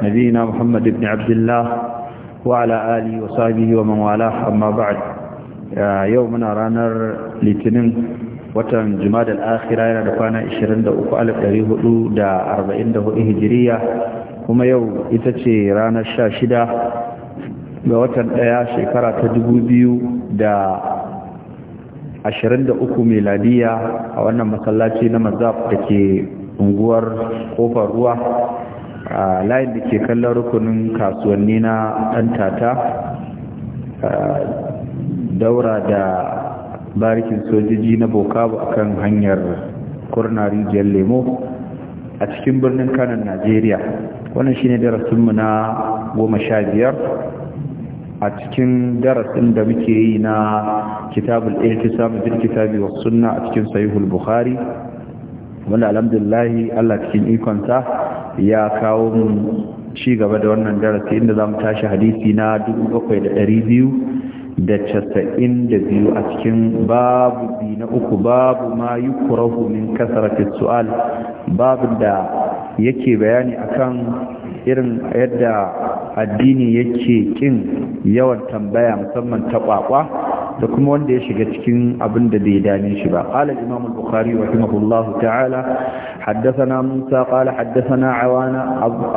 نبينا محمد بن عبد الله وعلى آله وصحبه ومن والاه أما بعد يومنا رانر لتنين watan jumadal akhira yana da kwana 23,444 hijiriya kuma yau ita ce ranar 16 ga watan ɗaya shekara ta 2023 meladiya a wannan masallaci na mazab da ke unguwar ƙofar ruwa a layin da ke kallon rukunin kasuwanni na ɗan tata daura da barikin sojoji na bokabu kan hanyar kurna rijiyar lemo a cikin birnin kanan najeriya wannan shine darasinmu na goma sha biyar a cikin darasin da muke yi na kitabul iltisam bil kitabi was sunna a cikin sahihul bukhari wanda alhamdulillah Allah cikin ikonsa ya kawo mu ci gaba da wannan darasi inda za mu tashi hadisi na 7292 a cikin babu bi na uku babu ma kurahu, min kasratis su'al babu da yake bayani akan irin yadda addini yake kin yawan tambaya musamman ta kwakwa da kuma wanda ya shiga cikin abin da bai dame shi ba qala imam al-bukhari rahimahullah ta'ala haddathana musa qala haddathana awana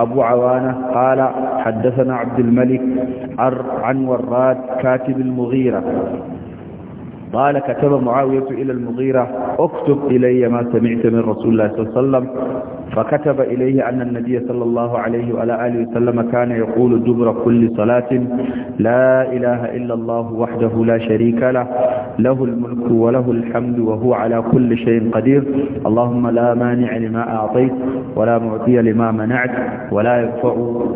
abu awana qala haddathana abd al-malik an warrad katib al-mughira قال كتب معاوية إلى المغيرة اكتب إلي ما سمعت من رسول الله صلى الله عليه وسلم فكتب إليه أن النبي صلى الله عليه وعلى آله وسلم كان يقول دبر كل صلاة لا إله إلا الله وحده لا شريك له له الملك وله الحمد وهو على كل شيء قدير اللهم لا مانع لما أعطيت ولا معطي لما منعت ولا يدفع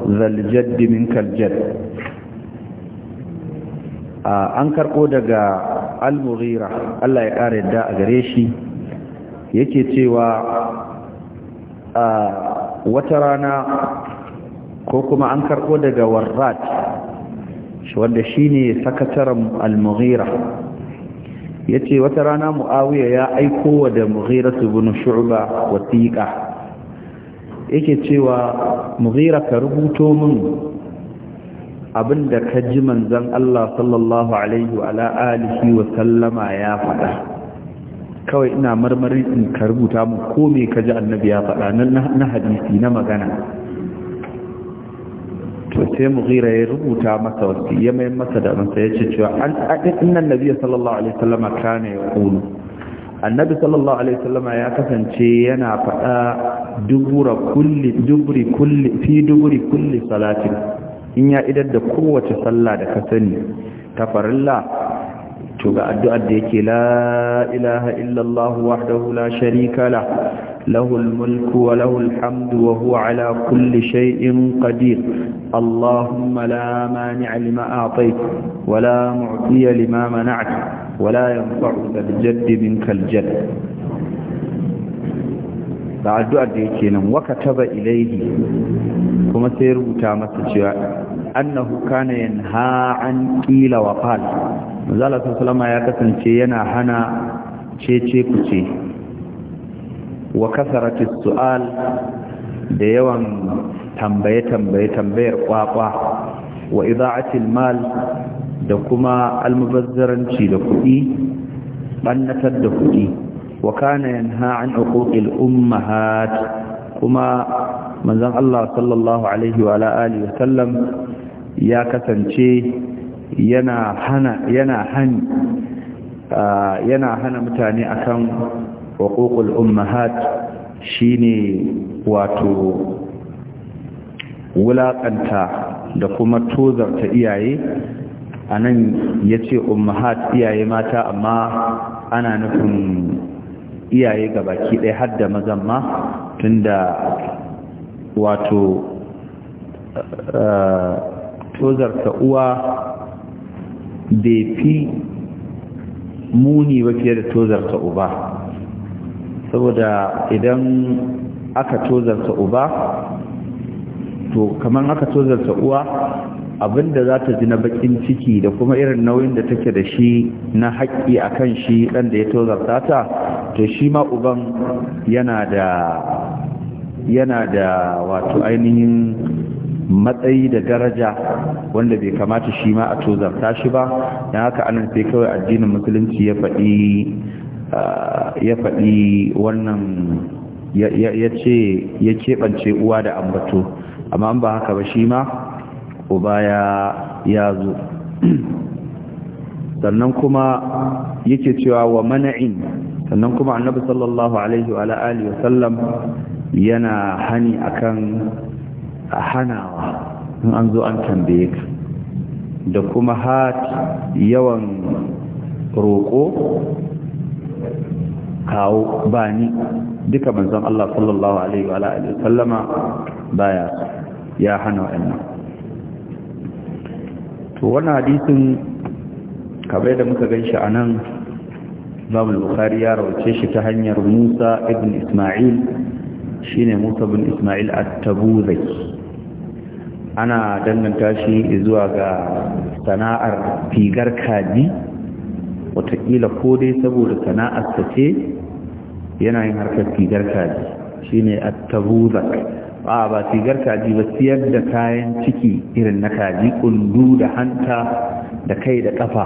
ذا الجد منك الجد أنكر قودك المغيرة الله يقارد دا أغريشي yake cewa wata rana ko kuma an karɓo daga warrat wanda shine sakataren al-mughira yace wata rana mu'awiyar ya aiko wa da mughira bunu shu'ba wasiƙa yake cewa mughira ka rubuto min abinda ka ji manzan Allah sallallahu alaihi wa wa sallama ya faɗa kawai ina marmarin in ka rubuta mu ko me ka ji annabi ya faɗa na hadisi na magana to sai mu mughira ya rubuta masa wasi ya mai masa da masa ya ce cewa an innan nabi sallallahu alaihi wasallama kana ya kulu annabi sallallahu alaihi wasallama ya kasance yana faɗa dubura kulli dubri kulli fi duburi kulli salatin in ya idar da kowace sallah da ka sani ta farilla to ga addu'ar da yake la ilaha illallah wahdahu la sharika la lahul mulku wa lahul hamdu wa huwa ala kulli shay'in qadir allahumma la mani'a lima a'tayt wa la mu'tiya lima mana'ta wa la yanfa'u dhal jaddi minkal jadd Ba addu'ar da yake nan waka taba ilaihi kuma sai rubuta masa cewa annahu kana yin an ƙila wa fal. manzala Salama ya kasance yana hana cece kuce wa kasarati su'al da yawan tambaye tambaye tambayar kwakwa wa ida'atil mal da kuma almubazzaranci da kuɗi ɓannatar da kuɗi wa kana yanha an uquqil ummahat kuma manzon Allah sallallahu alaihi wa alihi ya kasance yana hana yana yana hana mutane akan uququl ummahat shine wato wulaƙanta da kuma tozarta iyaye a nan ya ce iyaye mata amma ana nufin iyaye ga baki ɗaya har da mazan ma da wato eh, tozarta uwa bai fi muni ba fiye da tozarta uba saboda idan aka tozarta uba to kamar aka tozarta uwa abinda za ta ji na bakin ciki da kuma irin nauyin da take da shi na haƙƙi a kan shi ɗan da ya tozarta ta to shi ma uban yana da wato ainihin matsayi da daraja wanda bai kamata shi ma a tozarta shi ba don haka anan sai kawai addinin musulunci ya faɗi uh, ya faɗi wannan ya ce ya keɓance uwa da ambato amma ba haka ba shi ma uba ya zo sannan kuma yake cewa wa mana'in sannan kuma annabi sallallahu alaihi wa alihi wa sallam yana hani akan hanawa in an zo an tambaye ka da kuma hat yawan roƙo kawo bani duka manzon Allah sallallahu alaihi wa alihi wa sallama baya ya hana wa'annan to wannan hadisin kabai da muka gan shi a nan babu bukhari ya rawace shi ta hanyar musa ibn ismail shine musa ibn ismail at-tabuzai ana danganta shi zuwa ga sana'ar figar kaji watakila ko dai saboda sana'ar ta ce yana yin harkar figar kaji shine at-tabuzai a ba sigar kaji ba siyar da kayan ciki irin na kaji kundu da hanta da kai da kafa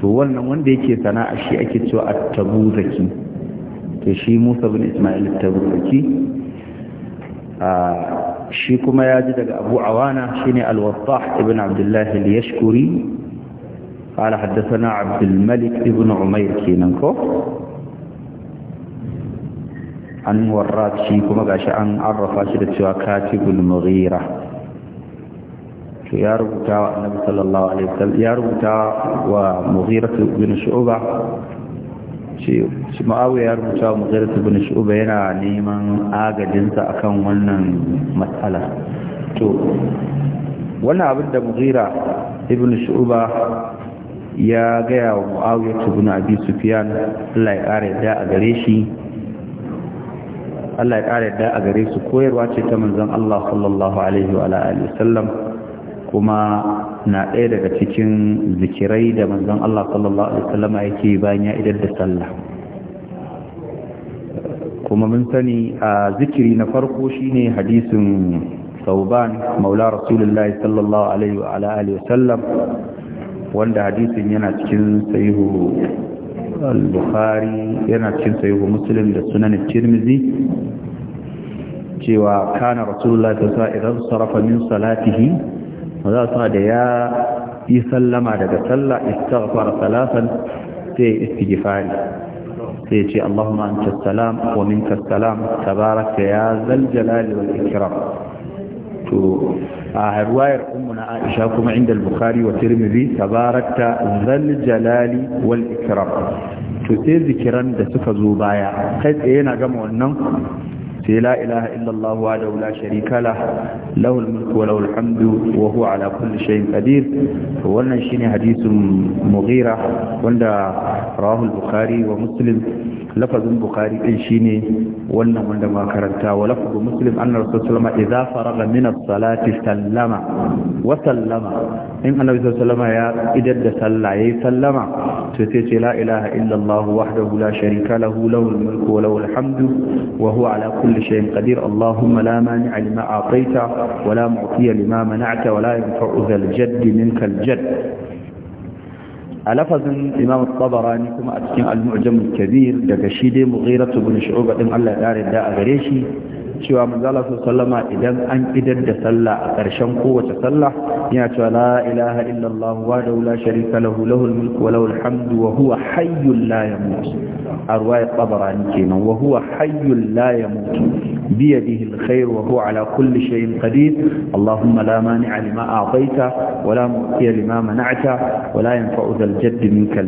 to wannan wanda yake sana'a shi ake cewa a tabuzaki to shi Musa bin Isma'il at a shi kuma ya ji daga Abu Awana shine ne alwattah ibn Abdullah al-Yashkuri قال حدثنا عبد الملك ابن عمير كينانكو an warra shi kuma gashi an arrafa shi da cewa katibul mughira ya rubuta wa annabi sallallahu alaihi wasallam ya rubuta wa mughira bin shu'ba shi shi ma'awiya ya rubuta wa mughira bin shu'ba yana neman agajinsa akan wannan matsala to wannan abin da mughira ibn shu'ba ya gaya wa mu'awiya ibn abi sufyan Allah ya kare da a gare shi Allah ya ƙara yadda a gare su koyarwa ce ta manzan Allah sallallahu alaihi wa alihi sallam kuma na ɗaya daga cikin zikirai da manzan Allah sallallahu alaihi wasallam yake bayan ya idar da sallah kuma mun sani a zikiri na farko shine hadisin sauban maula Rasulullah sallallahu alaihi wa sallam wanda hadisin yana cikin sahihu al-bukhari yana cikin sahihu muslim da sunan tirmizi cewa kana rasulullah ta sa idan sarafa min salatihi za sa da ya yi sallama daga sallah istaghfara salatan sai istighfari sai ce allahumma anta salam wa minka salam tabaraka ya zal jalali wal ikram to a ruwayar ummuna aisha kuma inda al-bukhari wa tirmidhi tabarakta zal jalali wal ikram to sai zikiran da suka zo baya kai tsaye yana gama wannan sai la ilaha illallah wa da wula sharika la lahul mulku wa lahul hamdu wa huwa ala kulli shay'in qadir to wannan shine hadisin mughira wanda rawahu al-bukhari wa muslim lafazin bukhari din shine wannan wanda ma karanta wa lafazin muslim anna rasulullah idza faraga min as-salati sallama wa sallama in annabi sallama ya idar da sallah yayi sallama to sai ce la ilaha illallah wahdahu la sharika lahu lahul mulku wa lahul hamdu wa huwa ala kulli كل شيء قدير اللهم لا مانع لما أعطيت ولا معطي لما منعت ولا ينفع ذا الجد منك الجد ألفظ إمام الطبراني كما أتكين المعجم الكبير دكشيدي مغيرة بن شعوب إن الله يدار الداء غريشي cewa manzala su sallama idan an idar da sallah a ƙarshen kowace sallah yana cewa la ilaha illallah wa da la sharika lahu lahul mulku wa lahul wa hayyul la yamut a ruwayat tabarani kenan wa huwa hayyul la yamut bi yadihi alkhair wa huwa ala kulli shay'in qadir allahumma la mani'a lima a'taita wa la mu'tiya lima mana'ta wa la yanfa'u dhal jadd minka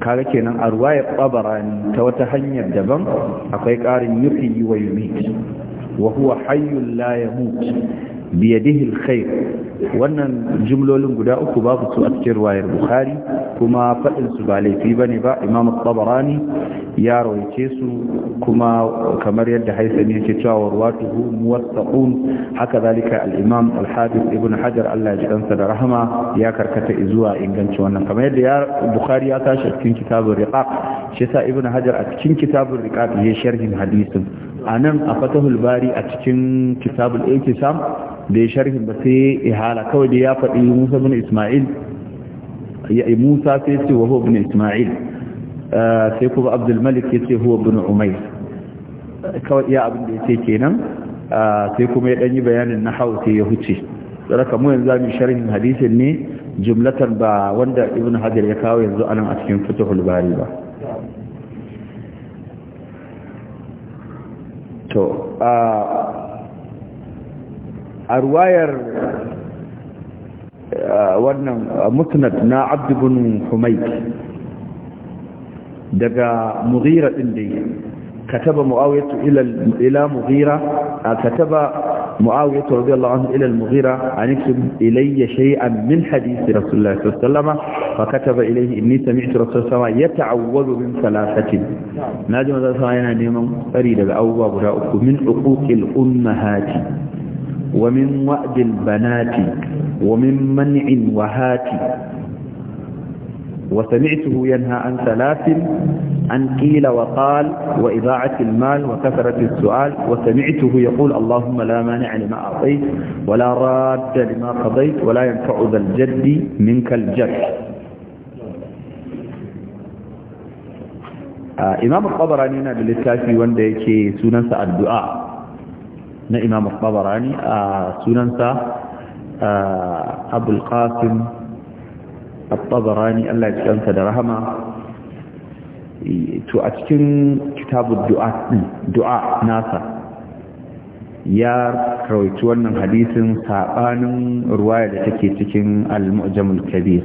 kaga kenan a ruwayar tsabarani ta wata hanyar daban akwai ƙarin yufi wa mutu wa huwa hayyun la biyadihil kai wannan jumlolin guda uku babu su a cikin riwayar bukhari kuma faɗin su ba laifi bane ba imam tabarani ya rawaice su kuma kamar yadda haisani yake cewa warwatuhu muwattaqun haka zalika al-imam al-hafiz ibn hajar Allah ya ji kansa da rahama ya karkata zuwa inganci wannan kamar yadda ya bukhari ya tashi a cikin kitabun riqaq shi yasa ibn hajar a cikin kitabun riqaq ya sharhin hadisin anan a fatahul bari a cikin kitabul iktisam da ya sharhin ba sai ihala kawai da ya faɗi musa bin ismail musa sai ce wa huwa bin ismail eh, sai kuma abdulmalik ya ce huwa bin umair kawai iya abin da ya ce kenan eh, sai kuma ya ɗanyi bayanin na hau sai ya huce tsaraka mu yanzu mu sharhin hadisin ne jumlatan ba wanda ibn hajar ya kawo yanzu anan a cikin fituhul bari ba to eh, a ruwayar eh, wannan musnad na abdubin humai daga mughira ɗin dai kataba muawiyatu ila ila mughira kataba muawiyatu radiyallahu anhu ila al-mughira anikum ilayya shay'an min hadith rasulullah sallallahu alaihi wasallam fa kataba ilayhi inni sami'tu rasulullah yata'awwadu min thalathatin naji manzo yana neman tsari daga abubuwa guda uku min uquqil ummahati ومن وعد البنات ومن منع وهات وسمعته ينهى عن ثلاث عن قيل وقال وإضاعة المال وكثرة السؤال وسمعته يقول اللهم لا مانع لما أعطيت ولا راد لما قضيت ولا ينفع ذا الجد منك الجد آه، إمام الطبراني نبي للكافي وان ديكي سنة الدعاء na imam al-tabarani a sunansa abul qasim al-tabarani Allah ya cikansa da rahama to a cikin kitabun du'a nasa ya rawaici wannan hadisin sabanin ruwaya da take cikin al-mu'jamul kabir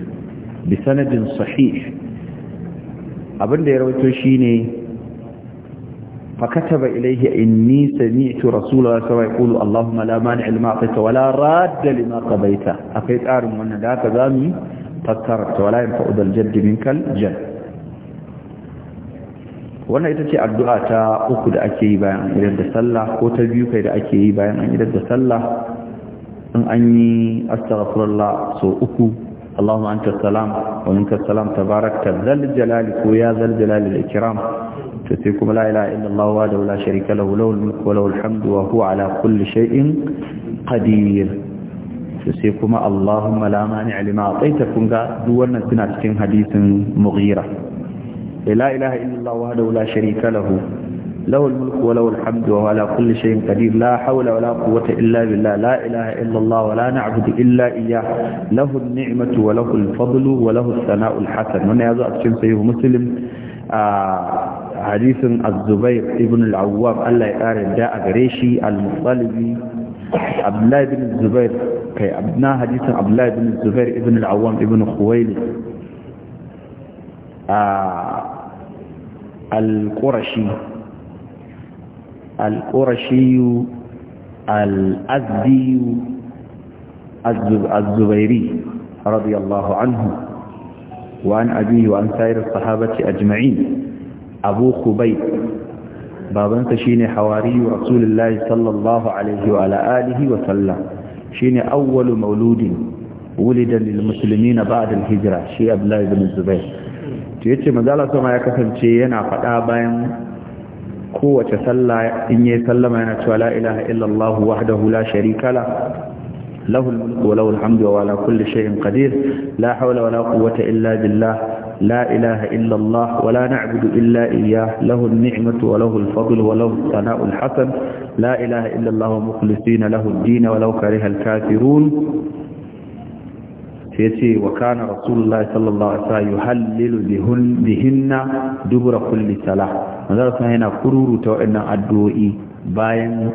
bi sanadin sahih abinda ya rawaito shine فكتب إليه إني سمعت رسول الله صلى الله عليه وسلم يقول اللهم لا مانع لما أعطيت ولا راد لما قضيت أقيت أعلم أن لا تزامي فكرت ولا ينفع الجد منك الجد wannan ita ce addu'a ta uku da ake yi bayan an idar da sallah ko ta biyu kai da ake yi bayan an idar da sallah in an yi astaghfirullah so uku Allahumma ta salam wa minka salam tabarakta zal jalali ko ya zal jalali da ikram تسيكم لا إله إلا الله وحده لا شريك له له الملك وله الحمد وهو على كل شيء قدير تسيكم اللهم لا مانع لما أعطيتكم دولنا سنة حديث مغيرة لا إله إلا الله وحده لا شريك له له الملك وله الحمد وهو على كل شيء قدير لا حول ولا قوة إلا بالله لا إله إلا الله ولا نعبد إلا إياه له النعمة وله الفضل وله الثناء الحسن هنا يزعب شمسيه مسلم آه حديث الزبير ابن العواب الله يقاري داء غريشي المطالبي عبد الله بن الزبير كي ابنا حديث عبد الله بن الزبير ابن العوام ابن خويل آه، القرشي القرشي الأزدي الزبيري رضي الله عنه وعن أبيه وعن سائر الصحابة أجمعين abu kubai babansa shine hawariyu rasulullahi sallallahu alaihi wa alihi wa sallam shine awwalu mauludin wulida lil muslimina ba'da al hijra shi abdullah ibn zubair to yace manzala sama ya kasance yana fada bayan kowace sallah in yayi sallama yana cewa la ilaha illallah wahdahu la sharika la له الملك وله الحمد وعلى كل شيء قدير لا حول ولا قوة إلا بالله لا إله إلا الله ولا نعبد إلا إياه له النعمة وله الفضل وله الثناء الحسن لا إله إلا الله مخلصين له الدين ولو كره الكافرون سيتي وكان رسول الله صلى الله عليه وسلم يهلل بهن, بهن دبر كل صلاة نظرت هنا قرور توئنا أدوئي باين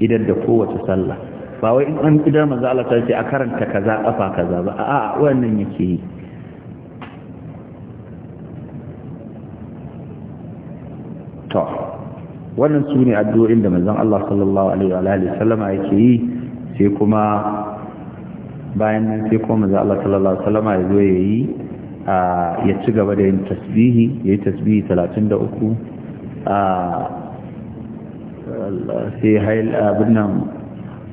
إذا الدقوة صلى ba wai in an kidar manzo Allah ta ce a karanta kaza kafa kaza ba a'a wannan yake yi wannan su ne addu'o'in da manzon Allah sallallahu alaihi wa alihi sallama yake yi sai kuma bayan nan sai kuma manzon Allah sallallahu alaihi wa sallama ya zo ya yi ya ci gaba da yin tasbihi ya yi tasbihi 33 sai hail abin nan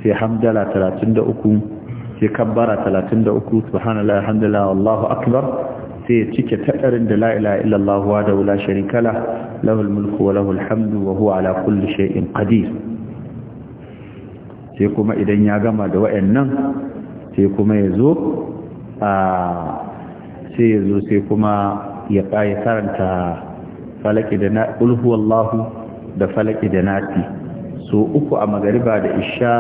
sai hamdala 33 sai kabbara 33 subhanallah alhamdulillah wallahu akbar sai cike taɗarin da la'ila illallah wa da wula sharikala lahul mulku wa lahul hamdu wa huwa ala kulli shay'in qadir sai kuma idan ya gama da wayannan sai kuma ya zo a sai sai kuma ya kai karanta falaki da na qul huwallahu da falaki da nasi so uku a magariba da isha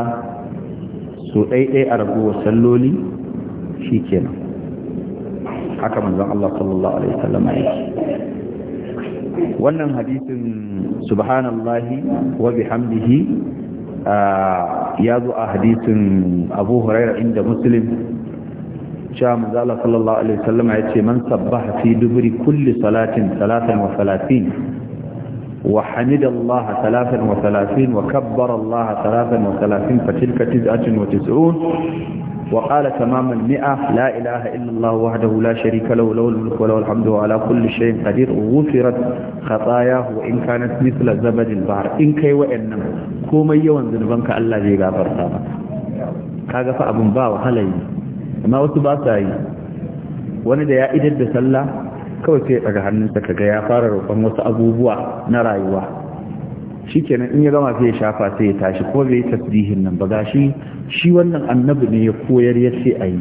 so ɗaiɗai a raguwar salloli shikenan haka manzon Allah sallallahu alaihi wasallam yake wannan hadisin subhanallahi wa bihamdihi ya zo a hadisin Abu Hurairah inda Muslim cewa manzala sallallahu alaihi wasallama ya ce man sabbaha fi duburi kulli salatin salatan wa salatin wa hamidallaha salatan wa salatin wa kabbara allaha salatan wa salatin fa tilka tiz'atun wa tis'un وقال تماما مئة لا إله إلا الله وحده لا شريك له له الملك وله الحمد وعلى كل شيء قدير غفرت خطاياه وإن كانت مثل زبد البحر إن كي وإن كوما يوان ذنبانك الله زي غافر تابا كاغا فأبن باو هلي ما وسبا ساي wani da ya idar da sallah kawai sai daga hannunsa kaga ya fara roƙon wasu abubuwa na rayuwa shikenan in ya gama sai ya shafa sai ya tashi ko bai tasbihin nan ba gashi shi wannan annabi ne ya koyar ya ce a yi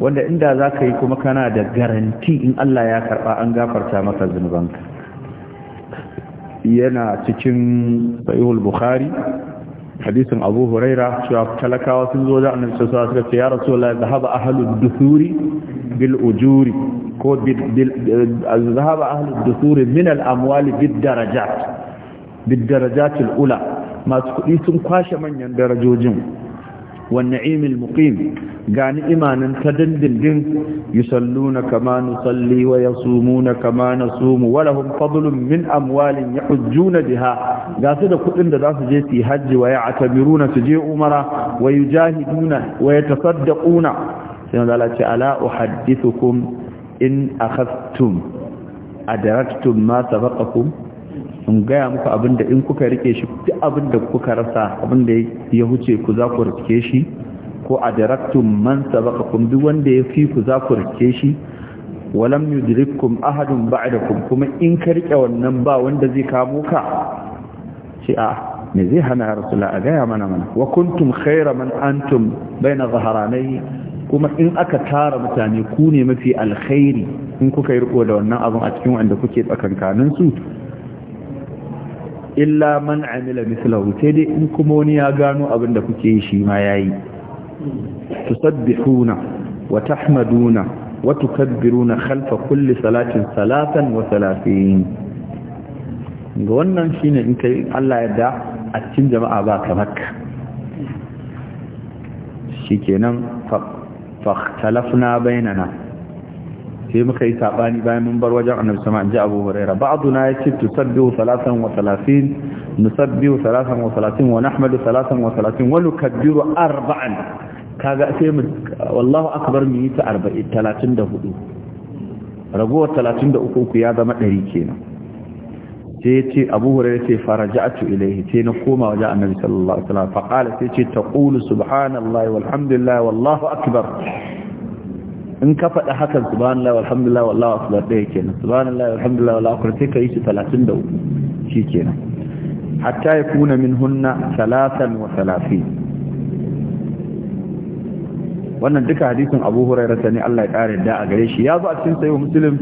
wanda inda za ka yi kuma kana da garanti in Allah ya karɓa an gafarta maka zunubanka yana cikin sahihul bukhari hadisin abu huraira cewa talakawa sun zo da annabi suka ce ya rasulullah zahaba ahlud duthuri bil ujuri ko bil zahaba ahlud min al amwali bid darajat bidarajatul ula masu kudi sun kwashe manyan darajojin wanne imil mukim ga imanin ta dindindin yi salluna kama nusalli wa sumuna kama sumu wa lahun fadulun min amwalin ya ujjuna jiha ga da kudin da zasu je su hajji wa ya atamiruna su umara wa yi jahiduna wa ya tasaddaquna sai na zalace ala uhadithukum in akhastum adaratum ma sabaqakum in gaya muku abinda in kuka rike shi duk abinda kuka rasa abinda ya huce ku za ku rike shi ko a direktum man sabaqakum duk wanda ya fi ku za ku rike shi walam yudrikkum ahadun ba'dakum kuma in ka rike wannan ba wanda zai kamo ka shi a me zai hana ya rasula a gaya mana mana wa kuntum khayra man antum baina zaharanai kuma in aka tara mutane ku ne mafi alkhairi in kuka yi riko da wannan abin a cikin wanda kuke tsakankanin su illa man amila mislahu sai dai in kuma wani ya gano abin da kuke yi shi ma yayi tusabbihuna wa tahmaduna wa tukabbiruna khalfa kulli salatin salatan wa salatin ga wannan shine in kai Allah ya da a cikin jama'a ba kamar ka shikenan fa fa bainana sai muka yi sabani bayan mun bar wajen annabi sama an ji abu huraira ba'duna yace tusabbihu salatin nusabbihu 33 wa nahmadu 33 wa nukabbiru arba'an kaga sai mu wallahu akbar mu yi ta 40 34 ragowar 33 uku ya zama 100 kenan sai yace abu huraira sai faraja'tu ilayhi sai na koma wajen annabi sallallahu alaihi wasallam fa qala sai yace taqulu subhanallahi walhamdulillah wallahu akbar in ka faɗi hakan subhanallah walhamdulillah wallahu akbar dai kenan subhanallah walhamdulillah wallahu akbar sai kai shi 33 shi kenan hatta min hunna 33 wannan duka hadisin Abu Hurairah Sani Allah ya kare da a gare shi ya zo a cikin sayyid Muslim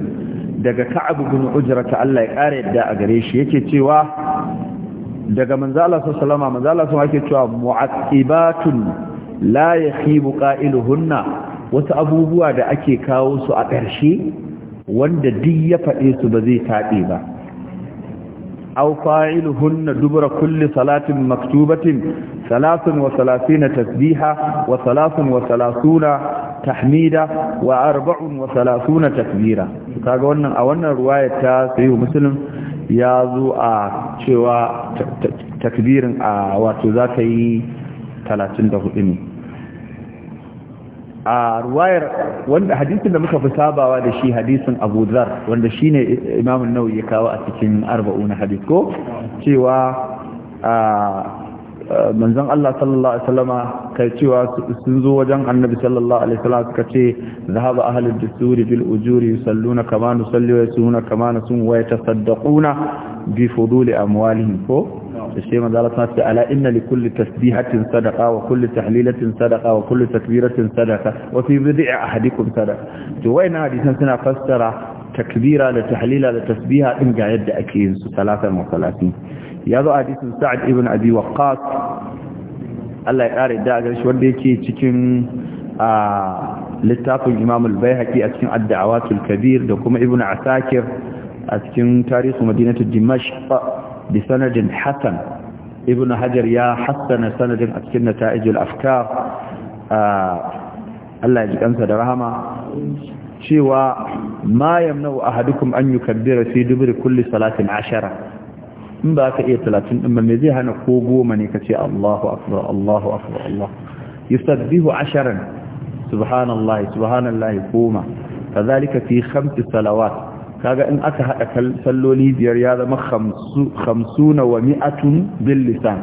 daga Ka'ab ibn Ujra ta Allah ya kare da a gare shi yake cewa daga manzo Allah sallallahu alaihi wasallam manzo Allah sallallahu alaihi wasallam yake cewa mu'aqibatun la yakhibu qa'iluhunna wasu abubuwa da ake kawo su a ƙarshe wanda duk ya faɗe su ba zai taɗe ba aw fa'iluhunna dubra kulli salatin maktubatin Salasin wa salasina tasbiha wa salasun wa salasuna tahmida wa arba'un wa salasuna takbira kaga wannan a wannan ruwaya ta sayyid muslim ya zo a cewa takbirin a wato zaka yi 34 ne a ruwayar wanda hadisin da muka fi sabawa da shi hadisin Abu zar wanda shi ne imamun nau ya kawo a cikin arba'u na hadis ko cewa manzan Allah sallallahu alaihi wasallama kai cewa sun zo wajen Annabi sallallahu alaihi wasallama suka ce zahaba da suri bil ujuri salluna kama nusalli wa suna kama waye ta yatasaddaquna bi fuduli amwalihim ko sai maza Allah ta ce ala inna li kulli tasbihatin sadaqa wa kulli tahlilatin sadaqa wa kulli takbiratin sadaqa wa fi bid'i ahadikum sadaqa to wayna hadisan suna fassara takbira da tahlila da tasbiha din ga yadda ake yin su 33 yazo hadisin Sa'd ibn Abi Waqqas Allah ya kare da garshi wanda yake cikin littafin Imam al cikin ad Kabir da kuma Ibn Asakir a cikin tarihi Madinatu Dimashq bi sanadin hasan ibn hajar ya hassana sanadin a cikin nata'ijul afkar Allah ya da rahama cewa ma yamna'u ahadukum an yukabbira fi dubri kulli salatin ashara in ba ka iya talatin din me zai hana ko goma ne kace Allahu akbar Allahu akbar Allah yusabbihu asharan subhanallahi subhanallahi goma kadhalika fi khamsi salawat kaga in aka haɗa salloli biyar ya zama hamsuna wa mi'atun bil lisan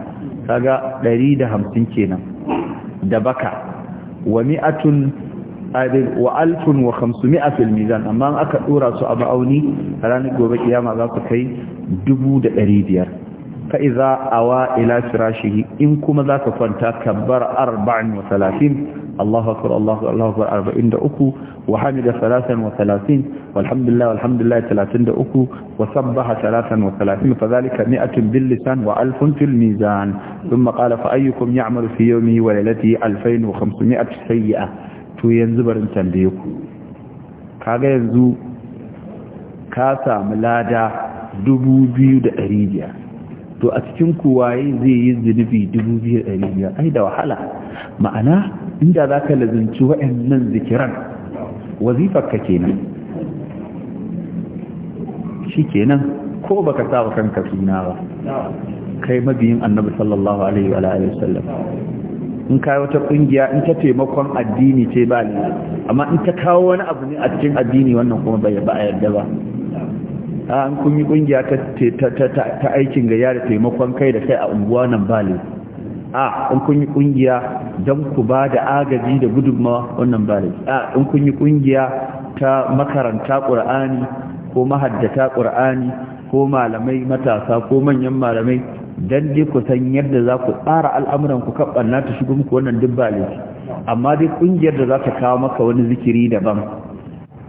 kaga ɗari da hamsin kenan da baka wa mi'atun wa alfun wa mi'a fil mizan amma in aka ɗora su a ma'auni ranar gobe kiyama za su kai dubu da ɗari biyar fa'iza awa ila firashihi in kuma za ka kwanta kabbar arba'in wa talatin Allahu akbar Allahu Allahu akbar 43 wa hamida 33 walhamdulillah walhamdulillah 33 wa sabbaha 33 fadhalika 100 bil lisan wa 1000 fil mizan thumma qala fa ayyukum ya'malu fi yawmihi wa laylatihi 2500 sayyi'a to yanzu barin tambaye ku kaga yanzu ka samu lada 2500 to a cikin kuwaye zai yi zunubi dubu biyar ɗari biyar ai da wahala ma'ana inda za ka lazunci waɗannan zikiran wazifarka kenan shi kenan ko ba ka sa wa kanka suna ba kai mabiyin annabi sallallahu alaihi wa alaihi wasallam in kai wata kungiya in ta taimakon addini ce ba ne amma in ta kawo wani abu ne a cikin addini wannan kuma bai ba a yarda ba an ah, kun yi kungiya ta aikin gaya da taimakon kai da kai a unguwa nan ba ne a in kun yi kungiya don ku ba da agaji da gudunma wannan ba a in kun yi kungiya ta makaranta ƙur'ani ko mahaddata ƙur'ani ko malamai matasa ko manyan malamai don dai ku san yadda za ku tsara al'amuran ku na ta shigo muku wannan duk ba amma dai ƙungiyar da za ta kawo maka wani zikiri daban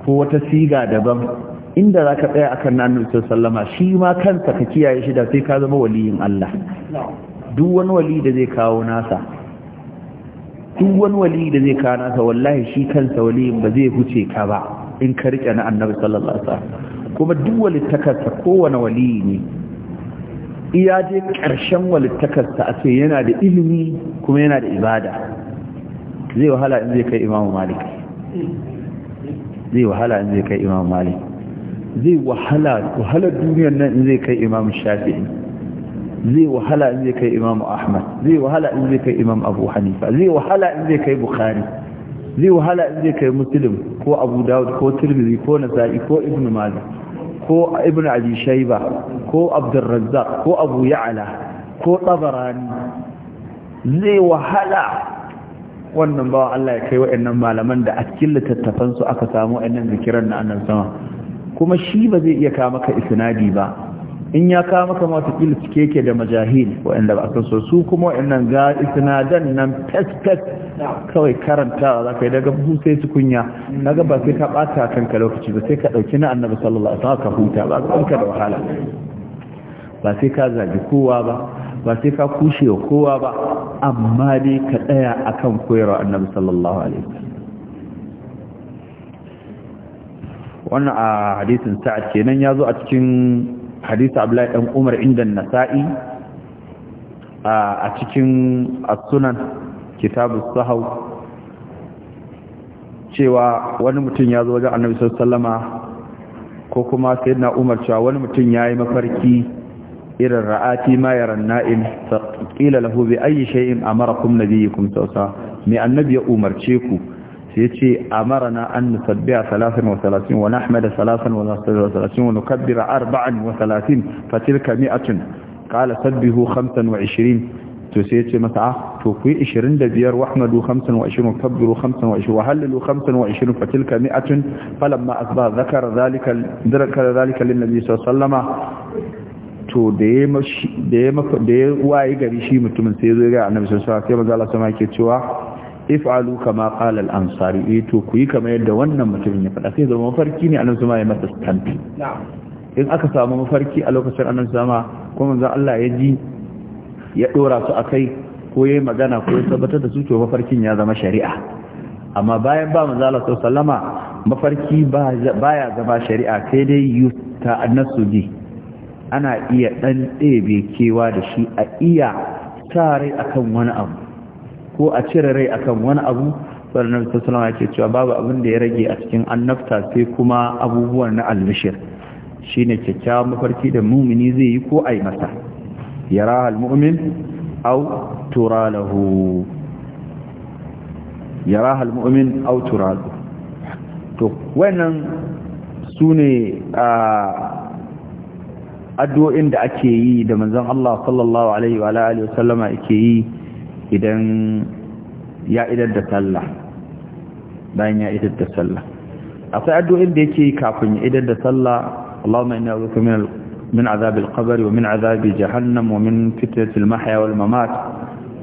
ko wata siga daban inda za ka tsaya akan nanu sallama shi ma kansa ka kiyaye shi da sai ka zama waliyin Allah duk wani wali da zai kawo nasa duk wani wali da zai kawo nasa wallahi shi kansa wali ba zai huce ka ba in ka rike na annabi sallallahu alaihi wasallam kuma duk walittakarsa kowane wali ne iya je ƙarshen walittakarsa a ce yana da ilimi kuma yana da ibada zai wahala in zai kai imamu malik zai wahala in zai kai imamu malik zai wahala wahalar duniyar nan in zai kai imamu shafi'i zai wahala in zai kai imamu ahmad zai wahala in zai kai imam abu hanifa zai wahala in zai kai bukhari zai wahala in zai kai muslim ko abu dawud ko tirmidhi ko nasa'i ko ibn majah ko ibn abi shayba ko abdurrazzaq ko abu ya'la ko tabarani zai wahala wannan bawa Allah ya kai wa'annan malaman da a cikin littattafan su aka samu wa'annan zikiran na annan kuma shi ba zai iya kama maka isnadi ba in ya kawo maka mata kila cike ke da majahil waɗanda ba a so su kuma waɗannan ga isinadan nan fes-fes kawai karantawa za ka yi daga busai sai su kunya na ba sai ka ɓata kanka lokaci ba sai ka ɗauki na annabi sallallahu alaihi wasallam ka huta ba ka da wahala ba sai ka zagi kowa ba ba sai ka kushe wa kowa ba amma dai ka tsaya akan koyarwa annabi sallallahu alaihi wasallam wannan a hadisin sa'ad kenan ya zo a cikin hadisi abdullahi dan umar inda nasa'i a cikin asunan kitabu sahau cewa wani mutum ya zo wajen annabi sallama ko kuma sayyidina umar cewa wani mutum ya yi mafarki irin ra'ati ma yaran na'im qila lahu mara kum shay'in amarakum kuma sawsa me annabi ya umarce ku sai ce a marana an nusabbiya salasin wa salasin wa nahmada salasin wa salasin wa nukabbira arba'an wa salasin fatil kami'atun kala sabbihu khamsan wa ishirin to sai ce masa a ah, to ku yi 25 wa ahmadu 25 wa ishirin 25 wa hallalu 25 wa fatil kami'atun falamma asba zakar zalika lin nabi sallallahu alaihi to da ya mafi da ya waye gari shi mutumin sai zai ga annabi sallallahu alaihi wasallama sai manzo Allah sama yake cewa if'alu kama qala al-ansari eh, to ku yi kamar yadda wannan mutumin ya faɗa sai zama mafarki ne annabi sama ya masa stampi in aka samu mafarki a lokacin annabi sama kuma manzo Allah ya ji ya dora su akai ko yayi magana ko ya tabbatar da su to mafarkin ya zama shari'a amma bayan ba manzo Allah sallama mafarki baya zama shari'a sai dai yuta annasu ji ana iya dan ɗebe kewa da shi a iya tare akan wani abu ko a cire rai akan wani abu sannan sassalama yake cewa babu abin da ya rage a cikin annabta sai kuma abubuwan na almishir shi ne kyakkyawan mafarki da mumini zai yi ko a yi masa yara halmumin au tura lahu yara halmumin au tura to wannan su ne a addu'o'in da ake yi da manzon Allah sallallahu alaihi wa alihi wasallama yake yi idan ya idar da sallah bayan ya idar da sallah akwai addu'in da yake kafin ya idar da sallah Allahumma inna a'udhu min min azabil qabri wa min azabi jahannam wa min fitnatil mahya wal mamat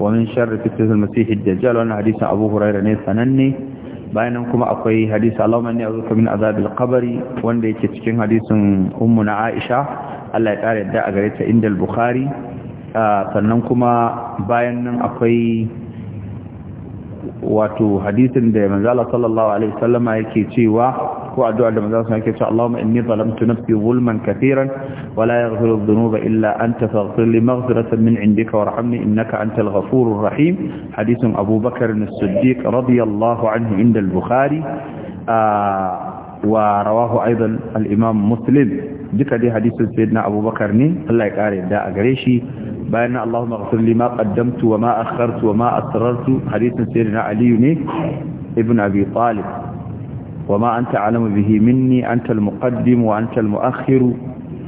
wa min sharri fitnatil masiih ad-dajjal wannan hadisi Abu Hurairah ne sananne bayan kuma akwai hadisi Allahumma inni a'udhu min azabil qabri wanda yake cikin hadisin ummu Aisha Allah ya kare da a gare ta inda al-Bukhari sannan kuma bayan nan akwai wato hadisin da manzala sallallahu alaihi wasallama yake cewa ko addu'a da manzala yake cewa Allahumma inni zalamtu nafsi zulman wala wa la yaghfiru dhunuba illa anta faghfir li maghfiratan min indika warhamni innaka antal ghafurur rahim hadisin Abu Bakar as-Siddiq radiyallahu anhu inda al-Bukhari wa rawahu aidan al muslim duka dai hadisin sayyidina abubakar ne Allah ya kare yadda a gare shi bayan allahu Allahumma ghfir ma qaddamtu wa ma akhartu wa ma asrartu hadisin sayyidina ali ne ibn abi talib wa ma anta alamu bihi anta al-muqaddim wa anta al-muakhir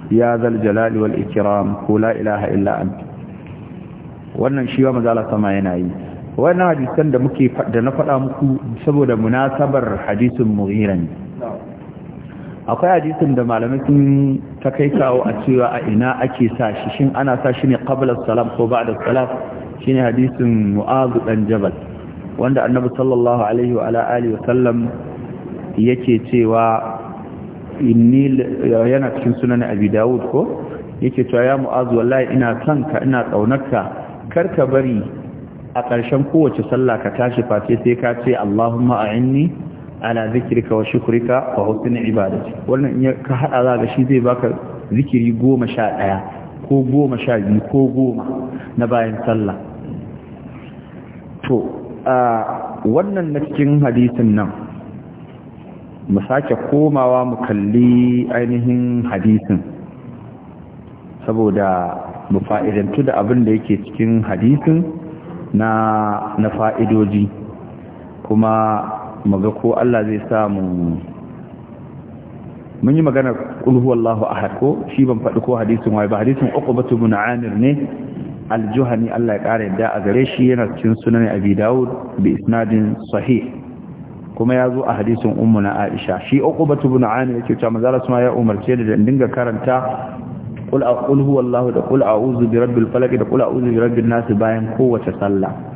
ya zal jalali wal ikram ko la ilaha illa anta wannan shi wa mazala sama yana yi wannan hadisan da muke da na faɗa muku saboda munasabar hadisin mughira ne akwai hadisin da malamai sun ta kai kawo a cewa a ina ake sa shi shin ana sa shi ne qabla salam ko ba'da salam shine hadisin mu'azu ɗan jabal wanda annabi sallallahu alaihi wa ala alihi wasallam yake cewa yana cikin sunan abi dawud ko yake cewa ya mu'azu, wallahi ina son ka ina kar karka bari a ƙarshen kowace sallah ka tashi face sai ka ce allahumma a'inni ala zikrika wa shukrika wa husni ibadati wannan in ka hada za ga shi zai baka zikiri goma sha ɗaya ko goma biyu ko goma na bayan sallah to a wannan na cikin hadisin nan mu sake komawa mu kalli ainihin hadisin saboda mu fa'idantu da abin da yake cikin hadisin na na fa'idoji kuma maga ko Allah zai samu mun yi maganar ƙulhuwallahu ahad ko shi ban faɗi ko hadisin wai ba hadisin uqbatu bin amir ne aljuhani Allah ya ƙara yadda a gare shi yana cikin sunan abi dawud bi isnadin sahih kuma ya zo a hadisin ummu na aisha shi uqbatu bin amir yake cewa manzo Allah ya umarce da dinga karanta qul da qul a'udhu bi rabbil falaq da qul a'udhu bi rabbin nas bayan kowace sallah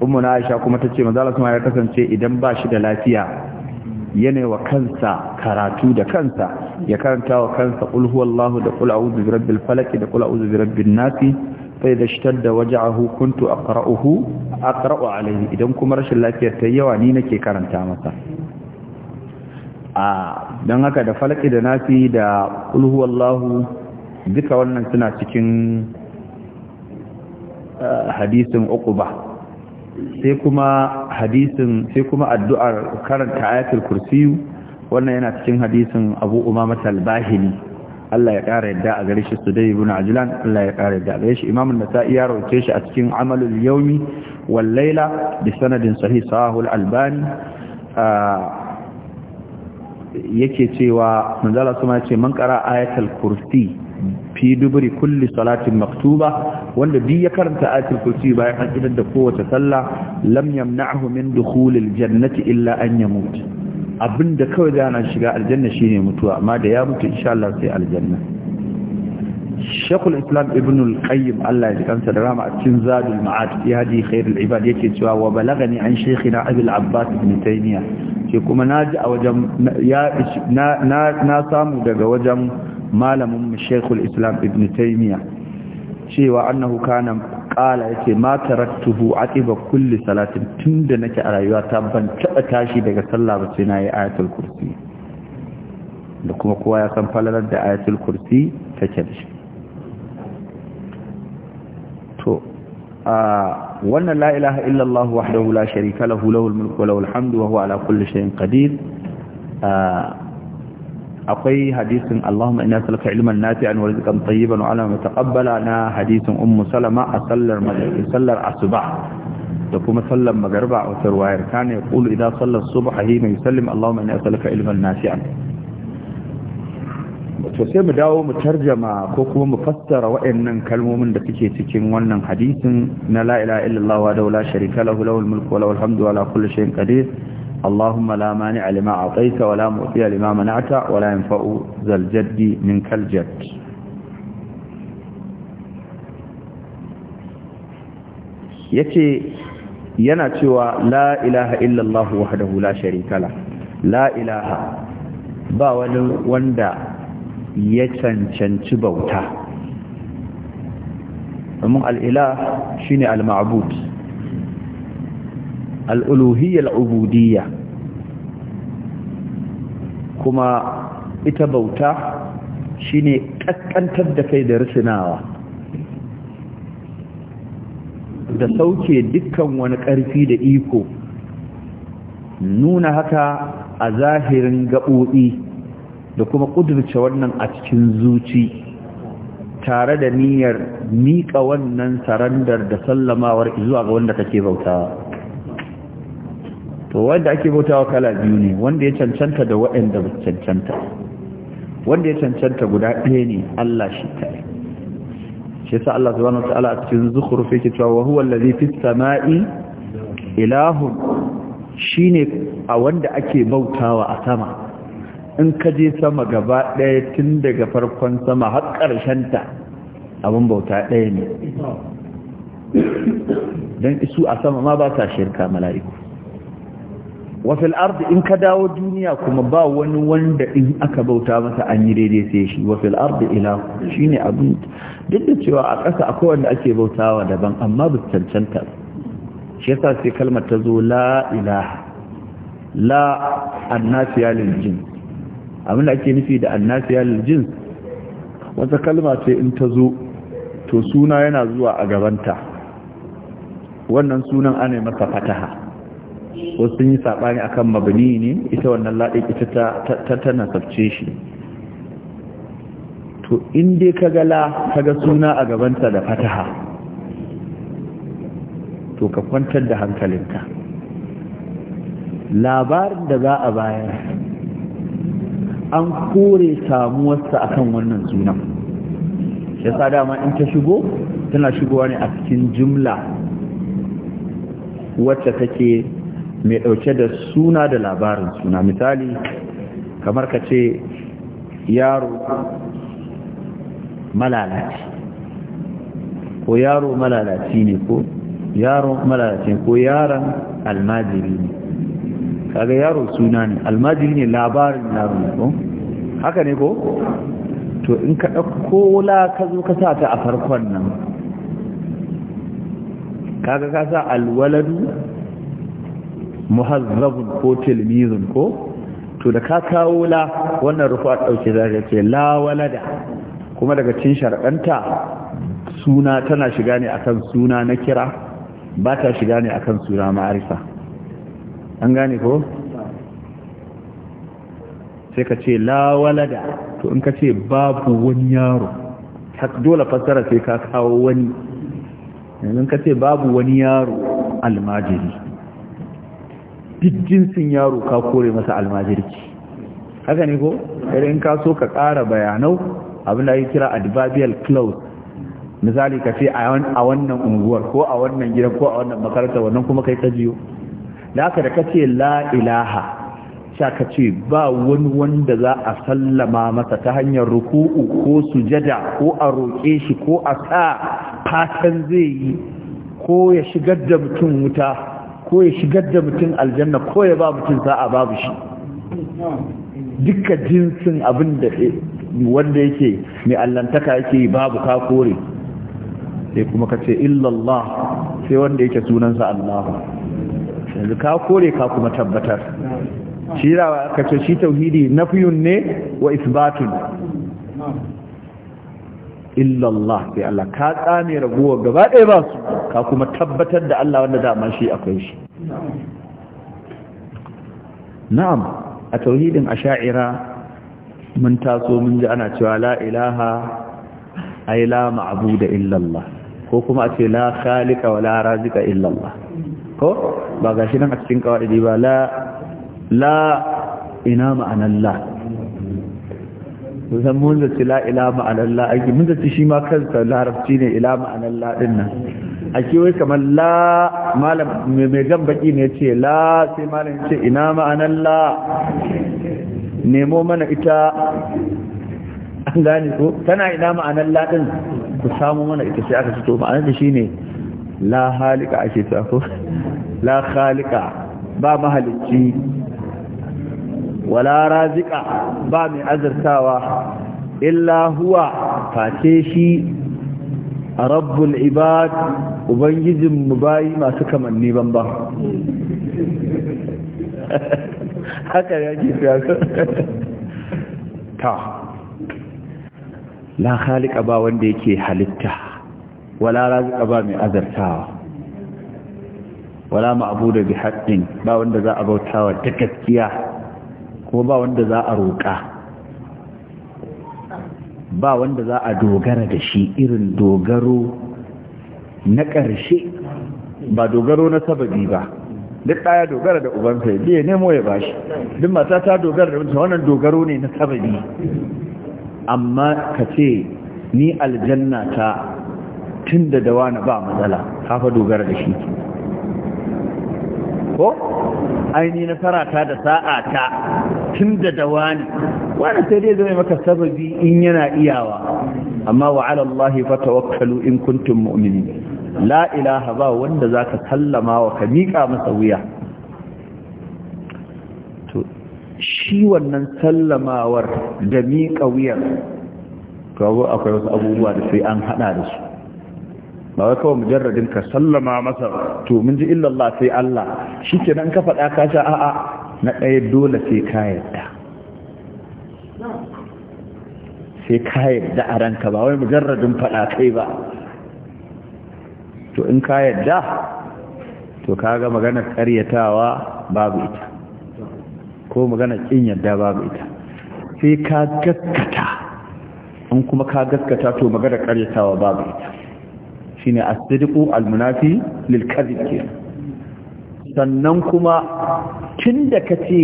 ummu na aisha kuma tace manzo Allah ya kasance idan ba shi da lafiya yana wa kansa karatu da kansa ya karanta wa kansa qul Wallahu da qul a'udhu birabbil falaq da qul a'udhu birabbin nas fa idha ishtadda waj'ahu kuntu aqra'uhu aqra'u alayhi idan kuma rashin lafiyar ta yawa ni nake karanta masa a don haka da falaki da nafi da Wallahu duka wannan suna cikin eh, hadisin uku ba sai kuma hadisin sai kuma addu'ar karanta ayatul kursiyu wannan yana cikin hadisin Abu Umama talbahili Allah ya ƙara yadda a gare shi Sudai ibn Ajlan Allah ya ƙara yadda a gare shi Imam an-Nasa'i ya rawace shi a cikin Amalul Yawmi wal Layla bi sanadin sahih sahul albani yake cewa manzala kuma yace man qara ayatul kursi fi duburi kulli salatin maktuba wanda duk ya karanta ayatul kursi bayan an idan da kowace sallah lam yamna'hu min dukhulil jannati illa an yamut abinda kawai da ana shiga aljanna shine mutuwa amma da ya mutu insha Allah sai aljanna Sheikhul Islam Ibn al-Qayyim Allah ya ji kansa da rama a cikin Zadul Ma'ad ya hadi khairul ibad yake cewa wa balagani an sheikhina Abi al-Abbas ibn Taymiyyah ce kuma naji a wajen na na samu daga wajen malamin shekul islam ibn taimiyya cewa annahu kana kala yake ce ma taraktuhu aqiba kulli salatin tunda nake a rayuwa ta ban taɓa tashi daga sallah ba sai nayi ayatul kursi da kuma kowa ya san falalar da ayatul kursi take da shi to a wannan la ilaha illallah wahdahu la sharika lahu lahul mulku wa lahul hamdu wa huwa ala kulli shay'in qadir a akwai hadisin Allahumma inna salaka ilman nafi'an wa rizqan tayyiban wa alama taqabbala na hadisin ummu salama a sallar magribi sallar asuba da kuma sallar magriba a wata ruwayar kana yaqulu idza salla subha hi mai sallim Allahumma inna salaka ilman nafi'an to sai mu dawo mu tarjama ko kuma mu fassara waɗannan kalmomin da suke cikin wannan hadisin na la ilaha illallah wa la sharika lahu lahul mulku wa lahul hamdu wa la kulli shay'in qadir اللهم لا مانع لما أعطيت ولا مؤتي لما منعت ولا ينفع ذا الجد منك الجد يكي ينتوى لا إله إلا الله وحده لا شريك له لا إله با وندا يتنشنش بوتا ومن الإله شيني المعبود al'uluhiyyar ubudiyya kuma ita bauta shine ƙasƙantar da kai da risinawa da sauke dukkan wani ƙarfi da iko nuna haka a zahirin gaɓoɓi da kuma ƙudurce wannan a cikin zuci tare da niyyar miƙa wannan sarandar da sallamawar zuwa ga wanda kake bautawa to wanda ake bautawa kala biyu ne wanda ya cancanta da waɗanda ba cancanta wanda ya cancanta guda ɗaya ne Allah shi kai shi yasa Allah subhanahu wataala a cikin zukhruf yake cewa wa huwa allazi fis samai ilahu shine a wanda ake bautawa a sama in ka je sama gaba ɗaya tun daga farkon sama har ƙarshen ta abin bauta ɗaya ne don isu a sama ma ba ta shirka mala'iku wafil ardi in ka dawo duniya kuma ba wani wanda in aka bauta masa an yi daidai sai shi wafil ardi ilahu shine abin duk da cewa a ƙasa akwai wanda ake bautawa daban amma ba cancanta shi yasa sai kalmar ta zo la ilaha la annasiya lil jin abin da ake nufi da annasiya lil jin wata kalma ce in ta zo to suna yana zuwa a gabanta wannan sunan ana masa fataha wasu sun yi saɓani akan mabini ne ita wannan laɗin ita ta ta sabce shi to inda ka gala ka ga suna a gabanta da fataha to ka kwantar da hankalinka labarin da za a bayar an kore samuwarsa akan wannan sunan ya sa dama in ta shigo tana shigowa ne a cikin jumla wacce take mai ɗauke da suna da labarin suna misali kamar ka ce yaro malalaci ko yaro malalaci ne ko yaro malalaci ko yaron almajiri ne kaga yaro suna ne almajiri ne labarin yaro ne ko haka ne ko to in ka ɗauko wula ka zo ka sa ta a farkon nan kaga ka sa alwaladu muhazzabun ko tilmizun ko to da ka kawo la wannan rufa ɗauke za ka ce la walada kuma daga cin sharɗanta suna tana shiga ne akan suna na kira ba ta shiga ne akan suna ma'arifa an gane ko sai ka ce la walada to in ka ce babu wani yaro dole fassara sai ka kawo wani in ka ce babu wani yaro almajiri duk jinsin yaro ka kore masa almajirki haka ne ko in ka so ka kara bayanau abin da ake kira adverbial clause misali ka ce a wannan unguwar ko a wannan gidan ko a wannan makarantar wannan kuma kai kajiyo da aka da kace ce la ilaha sha ka ce ba wani wanda za a sallama masa ta hanyar ruku'u ko sujada ko a roƙe shi ko a sa fatan zai yi ko ya shigar da mutum wuta ko ya shigar da mutum aljanna ko ya ba mutum sa'a babu shi duka jinsin abin da eh, wanda yake mai allantaka yake babu ka kore sai kuma ka ce illallah sai wanda yake sunansa Allah yanzu ka kore ka kuma tabbatar shi rawa ka ce shi tauhidi nafiyun ne wa isbatun illallah sai Allah ka tsane raguwa gaba ɗaya ba su ka kuma tabbatar da Allah wanda dama shi akwai shi na'am a tauhidin asha'ira mun taso mun ji ana cewa la ilaha ay la ma'budu illa Allah ko kuma a ce la khaliqa wa la raziqa illa Allah ko ba shi nan a cikin kawaidi ba la la ina ma'anan la zan mun da ce la ilaha ma'anan la ake mun da ce shi ma kansa larabci ne ila ma'anan la din a kewaye kamar la malam mai jan baki ne ce la sai malam ce ina ma'anan la nemo mana ita an gane ko tana ina ma'anan la din ku samu mana ita sai aka fito ma'anar da shine la halika ake ta ko la khalika ba mahalicci wala razika ba mai azartawa illa huwa face shi a rabbul ibad ubangijin mu bayi masu kamanni ban ba. haka ya ke ta la khaliqa ba wanda yake halitta wala raziqa ba mai azartawa wala ma'budu bi haqqin ba wanda za a bautawa ta gaskiya kuma ba wanda za a roƙa ba wanda za a dogara da shi irin dogaro na ƙarshe ba dogaro na sababi ba duk ɗaya dogara da ubansa ya nemo ya bashi duk mata ta dogara da mutum wannan dogaro ne na sababi amma ka ce ni aljanna ta tun da dawa na ba matsala kafa dogara da shi ko aini nasara ta da sa'a ta tun da dawani Wani sai dai zai maka sababi in yana iyawa amma wa ala Allah fa tawakkalu in kuntun mumini la ilaha ba wanda zaka sallama wa ka mika masa wuya shi wannan sallamawar da miƙa wuyar to akwai wasu abubuwa da sai an hada da su ba kawai mujarradin ka sallama masa to mun ji illallah sai Allah shikenan ka faɗa ka sha a'a na ɗaya dole sai ka yadda sai ka yadda a ranka ba wai mujarradin faɗa kai ba to in ka yadda to kaga maganar karyatawa babu ita ko maganar kin yadda babu ita sai ka gaskata in kuma ka gaskata to maganar karyatawa babu ita shine as-sidqu al-munafi lil sannan kuma tun da ka ce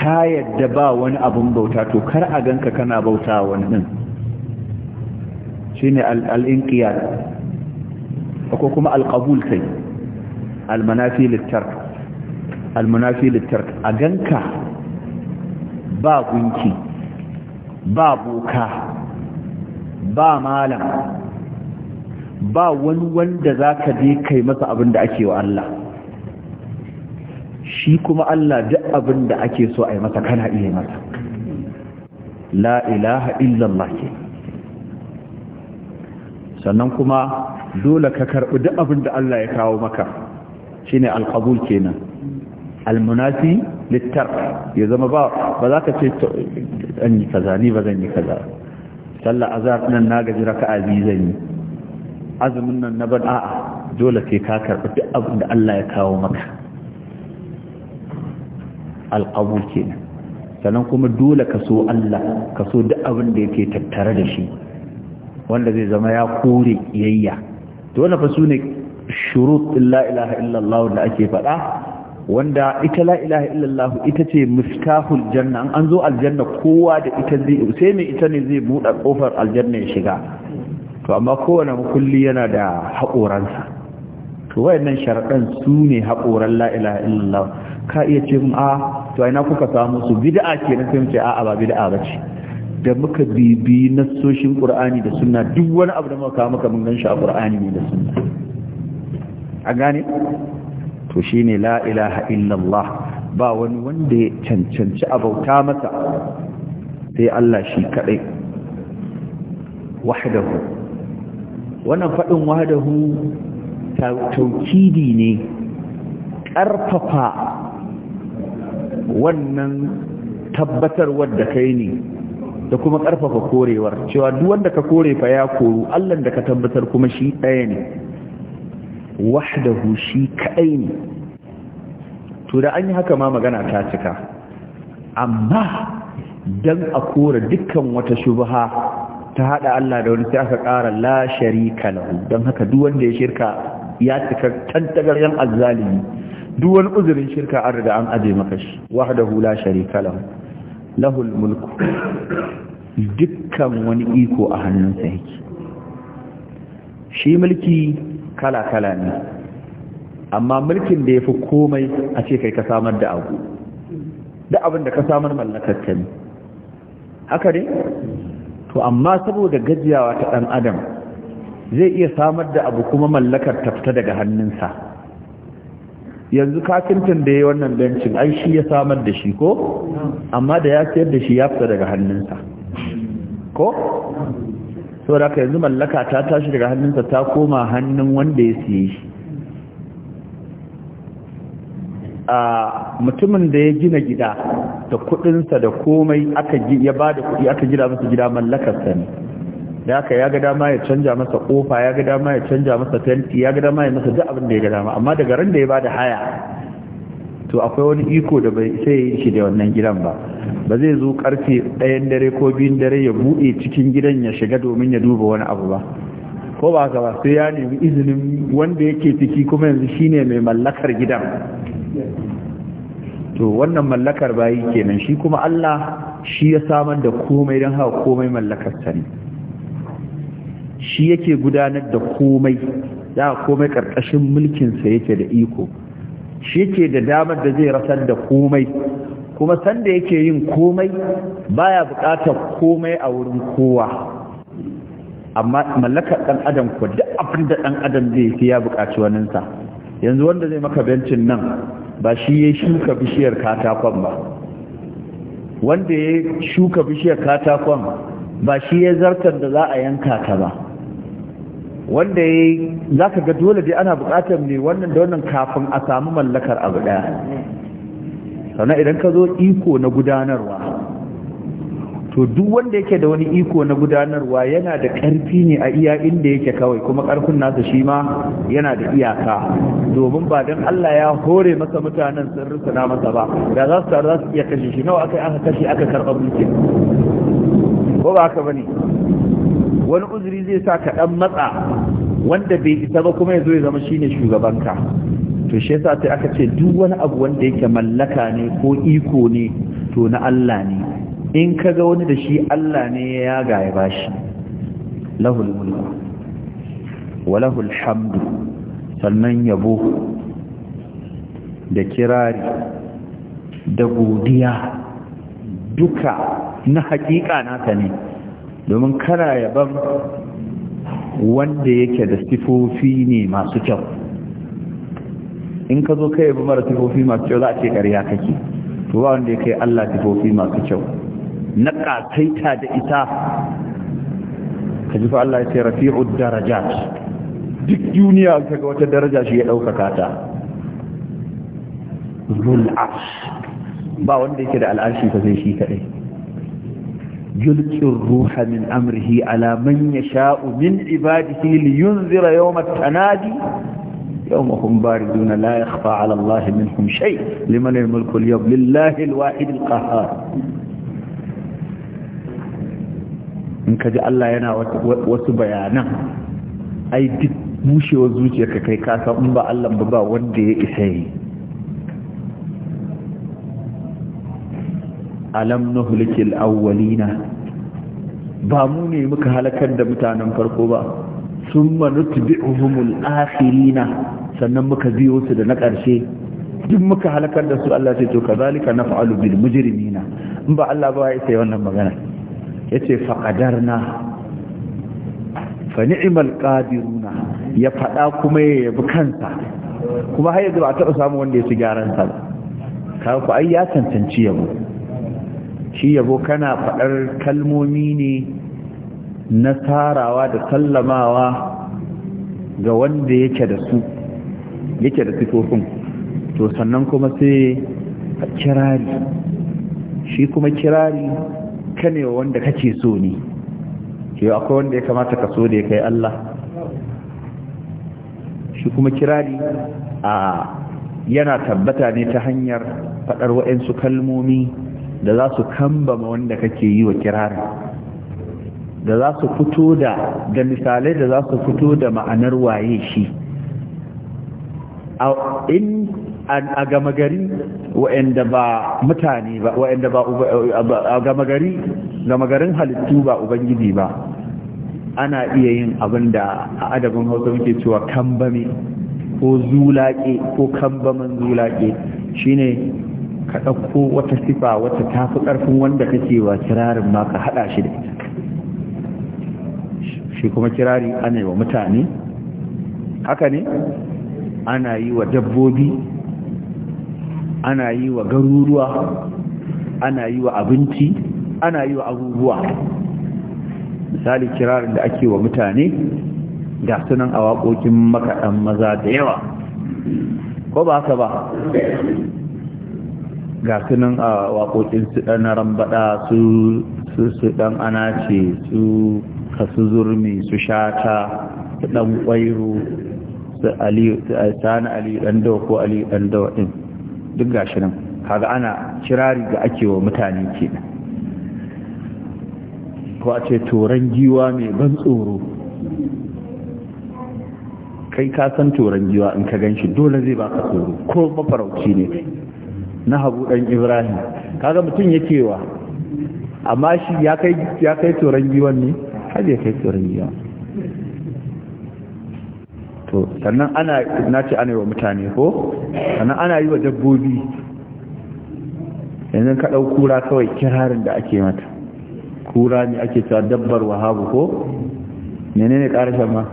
kayar da ba wani abin bauta to kar a ganka kana bauta wani ɗin shi ne al'inƙiyar ko kuma alƙabul sai almunafi, littar Almunafi, littar a ganka ba gunki ba boka ba malam ba wani wanda za ka je kai masa abin da ake wa Allah shi kuma Allah duk abin da ake so a yi masa kana iya masa la ilaha illallah ke sannan kuma dole ka karɓi duk abin da Allah ya kawo maka shine alqabul kenan almunasi littar ya zama ba ba za ka ce an yi kaza ni ba zan yi kaza sallar azar nan na gaji raka'a biyu zan yi azumin nan na bada a'a dole sai ka karɓi duk abin da Allah ya kawo maka alƙabul kenan sannan kuma dole ka so Allah ka so duk abin da yake tattare da shi wanda zai zama ya kore kiyayya Dole wannan fa sune shurut la ilaha illallah da ake faɗa wanda ita la ilaha illallah ita ce miftahul janna an zo aljanna kowa da ita zai sai mai ita ne zai buɗe ƙofar aljanna ya shiga to amma kowane makulli yana da haƙoransa to wayannan sharaɗan su ne haƙoran la'ila illallah ka iya ce a to aina kuka samu su bid'a ke na sai ce a'a ba bid'a ba ce da muka bibi nassoshin qur'ani da sunna duk wani abu da muka kawo mun ganshi a qur'ani ne da sunna a gane to shine la ilaha illallah ba wani wanda ya cancanci a bauta masa sai Allah shi kadai wahdahu wannan faɗin wahadahu taukidi ne ƙarfafa wannan tabbatarwar da kai ne da kuma ƙarfafa korewar cewa duk wanda ka kore fa ya koru Allah da ka tabbatar kuma shi ɗaya ne wahdahu shi kaɗai ne to da an yi haka ma magana ta cika amma don a kora dukkan wata shubaha. ta haɗa Allah da wani sai aka ƙara la sharika lahu don haka duk wanda ya shirka ya cika yan azzalimi duk wani uzurin shirka an riga an aje maka shi wahdahu la sharika lahu lahul mulku dukkan wani iko a hannunsa yake shi mulki kala kala ne amma mulkin da yafi komai a ce kai ka samar da abu da abin da ka samar mallakar ne haka ne to amma saboda gajiyawa ta ɗan adam zai iya samar da abu kuma mallakar ta fita daga hannunsa yanzu kafintan da ya wannan bencin ai shi ya samar da shi ko amma da ya sayar da shi ya fita daga hannunsa ko saboda ka yanzu mallaka ta tashi daga hannunsa ta koma hannun wanda ya siye shi a mutumin da ya gina gida da kuɗinsa da komai aka ya ba da kudi aka gina masa gida mallakarsa ne da aka ya ga dama ya canja masa kofa ya ga dama ya canja masa fenti ya ga dama ya masa duk abin da ya ga dama amma daga ran da ya ba da haya to akwai wani iko da bai sai ya shi da wannan gidan ba ba zai zo karfe ɗayan dare ko biyun dare ya buɗe cikin gidan ya shiga domin ya duba wani abu ba ko ba ka ba sai ya nemi izinin wanda yake ciki kuma yanzu shine mai mallakar gidan to wannan mallakar bayi kenan shi kuma Allah shi ya samar da komai don haka komai mallakar ne shi yake gudanar da komai da komai karkashin mulkinsa yake da iko shi yake da damar da zai rasar da komai kuma sanda yake yin komai baya bukatar komai a wurin kowa amma mallakar ɗan adam ko duk abin da ɗan adam zai yi ya buƙaci sa. yanzu wanda zai maka bencin nan ba shi ya shuka bishiyar katakon ba wanda ya shuka bishiyar katakon ba shi ya zartar da za a yanka ta ba wanda ya za ga dole dai ana buƙatar ne wannan da wannan kafin a samu mallakar abu ɗaya sannan idan ka zo iko na gudanarwa to duk wanda yake da wani iko na gudanarwa yana da ƙarfi ne a iya inda yake kawai kuma ƙarfin nasa shi ma yana da iyaka domin ba don Allah ya hore masa mutanen sun rusuna masa ba da za su taru za su iya kashe shi nawa aka yi aka kashe aka karɓa mulki ko ba haka bane wani uzuri zai sa ka ɗan matsa wanda bai isa ba kuma ya zo ya zama shine shugabanka to shi yasa sai aka ce duk wani abu wanda yake mallaka ne ko iko ne to na Allah ne in ka ga wani da shi Allah ne ya gaya shi, shi lahul mulku wa lahul hamdu sannan yabo da kirari da godiya duka na hakika naka ne domin kana yaban wanda yake da sifofi ne masu kyau in ka zo ka yabi mara sifofi masu kyau za a ce ƙarya kake to ba wanda ya kai Allah sifofi masu kyau na ƙasaita da ita ka ji fa Allah ya ce rafi'ud darajat duk duniya kaga wata daraja shi ya ɗaukaka ta zul arsh ba wanda yake da al'arshi ta sai shi kadai yulqir ruha min amrihi ala man yasha'u min ibadihi li yunzira yawm at-tanadi يوم هم باردون لا يخفى على الله منهم شيء لمن الملك اليوم لله الواحد القهار in ka ji Allah yana wasu bayanan ai duk bushewar zuciyarka kai ka in ba Allah ba ba wanda ya isa yi alam nuhlikil awwalina ba mu ne muka halakar da mutanen farko ba summa nutbi'uhumul akhirina sannan muka biyo su da na ƙarshe duk muka halakar da su Allah sai to kazalika naf'alu bil mujrimina in ba Allah ba ya isa wannan magana yace faqadarna fa ni'mal qadiruna ya faɗa kuma ya yabi kansa kuma har yanzu ba a taɓa samu wanda ya ci gyaran sa ka ku ai ya cancanci yabo shi yabo kana faɗar kalmomi ne na tarawa da sallamawa ga wanda yake da su yake da sifofin to sannan kuma sai kirari shi kuma kirari Ka wa wanda kake so ne yau akwai wanda ya kamata ka so da ya kai Allah shi kuma kirari a yana tabbata ne ta hanyar faɗar waɗansu kalmomi da za su kambama wanda kake yi wa kirari da za su fito da da misalai da za su fito da ma'anar waye shi in a gama gari wa'anda ba mutane ba wa'anda ba a gama gari gama garin halittu ba ubangiji ba ana iya yin abin da a adabin hausa muke cewa kambame ko zulaƙe ko kambaman zulaƙe shine ka ɗauko wata sifa wata tafi ƙarfin wanda kake wa kirarin ma ka haɗa shi da ita shi kuma kirari ana yi wa mutane haka ne ana yi wa dabbobi ana yi wa garuruwa ana yi wa abinci ana yi wa abubuwa misali kirarin da ake wa mutane ga sunan a waƙoƙin makaɗan maza da yawa ko ba haka ba ga sunan a waƙoƙin su ɗan rambaɗa su su ɗan anace su kasu zurmi su shata su ɗan ƙwairu, su aliyu ɗan dawa ko aliyu ɗan dawa ɗin duk gashi nan kaga ana kirari ga ake wa mutane kenan ko a ce giwa mai ban tsoro kai ka san toron giwa in ka gan shi dole zai baka tsoro ko mafarauci ne na habu dan ibrahim kaga mutum yake wa amma shi ya kai toron giwan ne har ya kai toron giwan to sannan ana na ce ana yi wa mutane ko sannan ana yi wa dabbobi yanzu ka ɗau kura kawai kirarin da ake mata kura ne ake cewa dabbar wahabu ko menene ƙarshen ma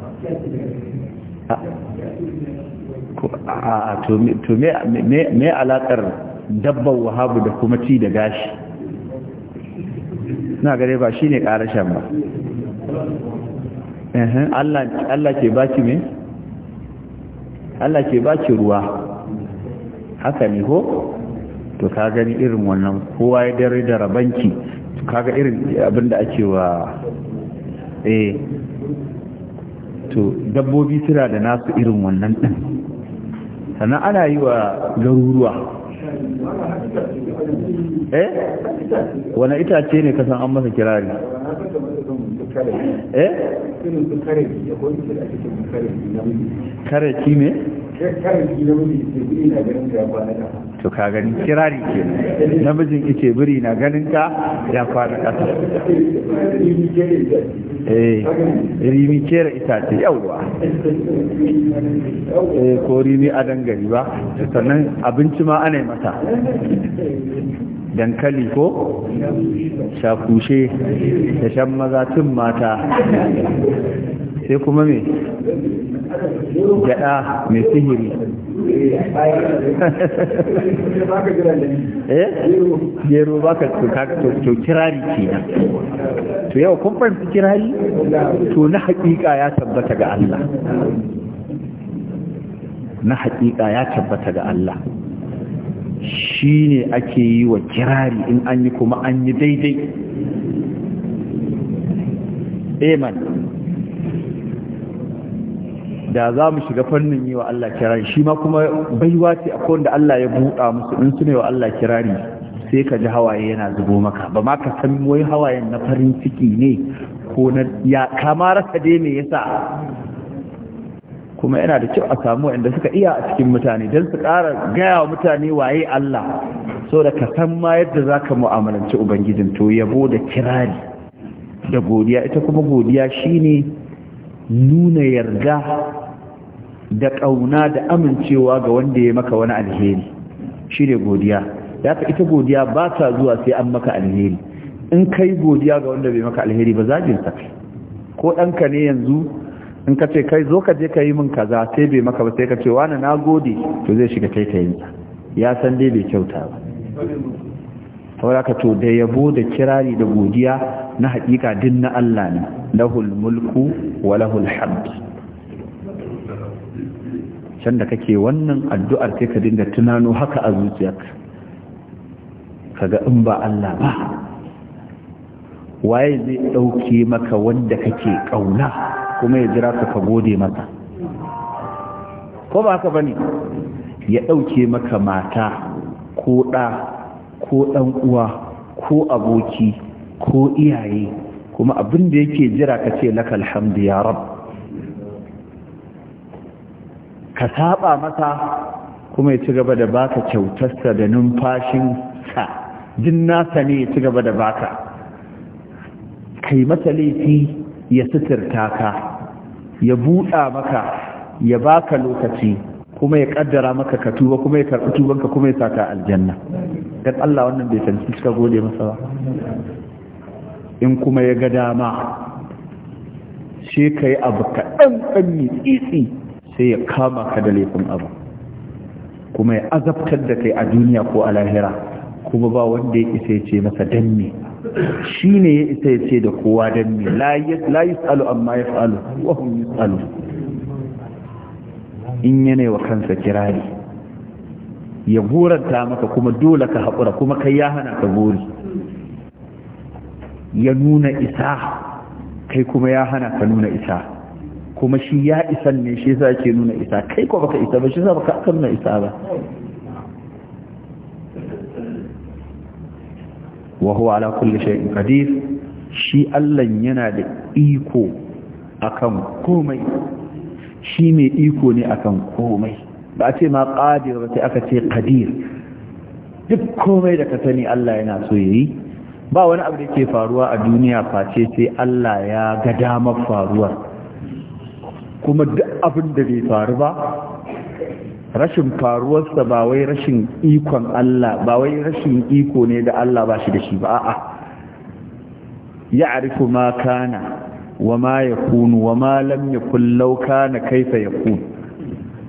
a to me alaƙar dabbar wahabu da kuma ci da gashi na gare ba shi ne ƙarshen ba Allah ke baki me? Allah ke baki ruwa haka ne ko to ka gani irin wannan kowa ya dare da rabanki kaga irin abinda ake wa eh to dabbobi suna da nasu irin wannan din sannan ana yi wa garuruwa eh wani itace ne kasan an masa kirari eh irin su karaki akwai da ki na miji ke eh, biri na ganin ka kwana ka to ka ke biri na ganin ka ya eh, kera itace yawwa eh ko rimi a dangari ba sannan abinci ma ana yi mata dankali ko shakushe da shan maza tun mata sai kuma me gyada mai sihiri eh gero baka to kirari kenan to yau kun fahimci kirari to na hakika ya tabbata ga Allah na hakika ya tabbata ga Allah shi ne ake yi wa kirari in an yi kuma an yi daidai amen da za mu shiga fannin yi wa Allah kirari shi ma kuma baiwa ce a kowanda Allah ya buɗa musu in su ne wa Allah kirari sai ka ji hawaye yana zubo maka ba ma ka san wai hawayen na farin ciki ne ko na ya kamar ka dai me yasa kuma yana da kyau a samu inda suka iya a cikin mutane don su ƙara gaya wa mutane waye Allah so da ka san ma yadda za ka mu'amalanci ubangijin to yabo da kirari da godiya ita kuma godiya shi ne nuna yarda da ƙauna da amincewa ga wanda ya maka wani alheri shi ne godiya ya ka ita godiya ba ta zuwa sai an maka alheri in kai godiya ga wanda bai maka alheri ba za ko ɗanka ne yanzu in ka ce kai zo ka je ka yi min kaza sai bai maka ba sai ka ce wani na gode to zai shiga taitayinsa ya san dai bai kyauta ba saboda ka to da yabo da kirari da godiya na hakika din na Allah ne lahul mulku wa lahul hamd can da kake wannan addu'ar sai ka dinga tunano haka a zuciyarka kaga in ba Allah ba waye zai dauke maka wanda kake kauna kuma ya jira ka gode masa ko ba haka bane ya ɗauke maka mata ko ɗa ko ɗan uwa ko aboki ko iyaye kuma abin da yake jira ka ce laka alhamdu ya rab ka saba masa kuma ya cigaba gaba da baka kyautarsa da numfashinsa jin nasa ne ya cigaba gaba da baka kai masa laifi ya suturta ka ya buɗa maka ya baka lokaci kuma ya kaddara maka ka tuba kuma ya karɓi tubanka kuma ya saka aljanna dan Allah wannan bai san suka gode masa ba in kuma ya ga dama abu ka dan abu kaɗan tsitsi sai ya kama ka da laifin abu kuma ya azabtar da kai a duniya ko a lahira kuma ba wanda ya isa ce masa danne shi ne ya isa ya ce da kowa don ne la yi tsalo amma ya tsalo wahun yi tsalo in yana wa kansa kirari ya buranta maka kuma dole ka haƙura kuma kai ya hana ka gori ya nuna isa kai kuma ya hana ka nuna isa kuma shi ya isan ne shi za ke nuna isa kai kuma baka isa ba shi yasa baka nuna isa ba wa huwa ala kulli shay'in qadir shi Allah yana da iko akan komai shi mai iko ne akan komai ba a ce ma qadir ba sai aka ce qadir duk komai da ka sani Allah yana so yayi ba wani abu da ke faruwa a duniya face sai Allah ya ga damar faruwar kuma duk abin da bai faru ba rashin faruwarsa ba wai rashin ikon Allah ba wai rashin iko ne da Allah ba shi da shi ba a'a arifu ma kana wa ma ya kunu wa ma lam ya kullau kana kaifa yakun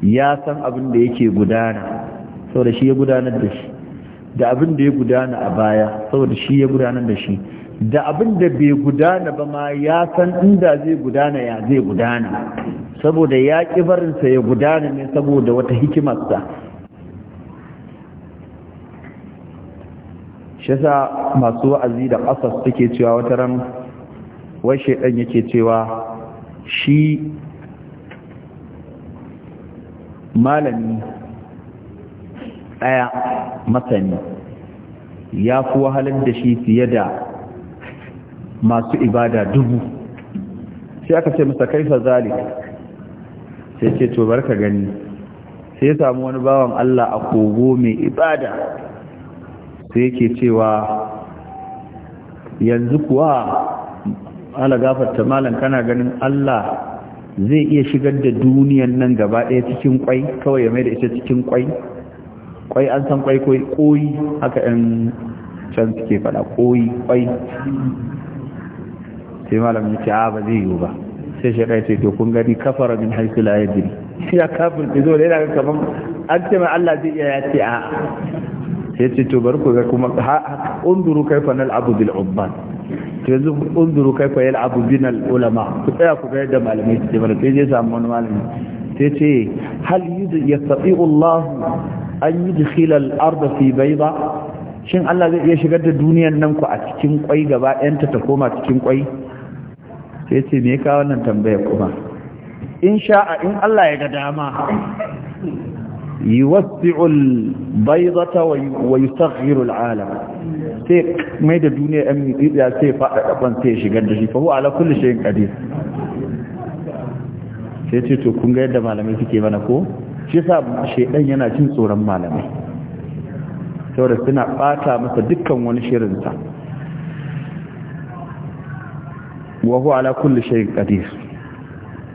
ya san abin da yake gudana saboda shi ya gudanar da shi da abin da ya gudana a baya saboda shi ya gudanar da shi da abin da bai gudana ba ma ya san inda zai gudana ya zai gudana saboda ya ƙi barinsa ya gudana ne saboda wata hikimarsa shi sa masu wa'azi da ƙasas suke cewa wata ran wai shaidan yake cewa shi malami ɗaya masani ya fi wahalar da shi fiye da masu ibada dubu sai aka ce masa kaifa zalik sai ce to barka gani sai ya samu wani bawan Allah a kogo mai ibada sai yake cewa yanzu kuwa ala gafarta malam kana ganin Allah zai iya shigar da duniyan nan gaba ɗaya cikin kwai kawai ya mai da ita cikin kwai kwai an san kwai koyi haka yan can suke fada koyi kwai sai malam ya ce a ba zai yiwu ba sai shi ya ce to kun gani kafara min haisu la yadri ya kafin ki zo da yana kaman an ce mai Allah zai iya ya ce a sai ce to bari ku ga kuma unduru kaifa nal abu bil ubban to yanzu unduru kaifa yal abu bin al ulama ku tsaya ku ga yadda malamai su ce mana sai je samu wani malami sai ce hal saɓi Allah an yudkhila al arda fi bayda shin Allah zai iya shigar da duniyar nan ku a cikin kwai gaba ɗayanta ta koma cikin kwai sai ce me ka wannan tambayar kuma in sha'a in Allah ya ga dama yuwassi'u al-baydata wa yusaghiru al-alam sai mai da duniya an ya sai fada daban sai shigar da shi fa huwa ala kulli shay'in qadir sai ce to kun ga yadda malamai suke mana ko shi sa shedan yana cin tsoron malamai saboda suna bata masa dukkan wani shirinsa wa huwa ala kulli shay'in qadir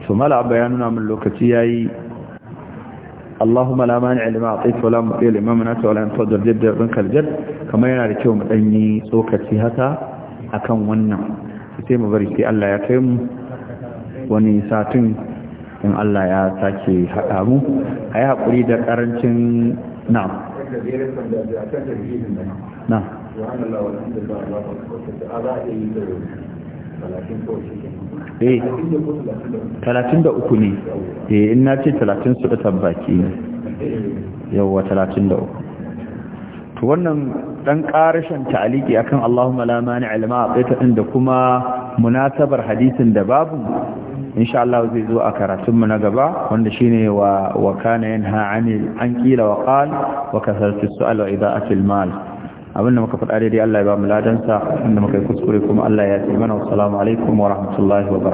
so mala abba ya nuna min lokaci yayi Allahumma la mani lima a'tayt wa la mu'ti lima mana'ta wa la yanfadu al-jadd wa anka jadd kamar yana da kyau mu danyi tsokaci haka akan wannan sai mu bari sai Allah ya kai mu wani satin in Allah ya sake haɗa mu a yi haƙuri da ƙarancin na'am na'am eh talatin da uku ne eh in na ce talatin su ɗatan baki ne yawwa talatin da uku to wannan ɗan ƙarashin ta'aliki akan Allahumma la mani ilma a ɗin da kuma munasabar hadisin da babu insha Allah zai zo a karatunmu na gaba wanda shine wa wa kana yanha anil an kila wa qal wa kasartu su'al wa mal abinda muka faɗa daidai Allah ya ba mu ladansa inda muka yi kuskure kuma Allah ya ce mana wassalamu alaikum wa rahmatullahi wa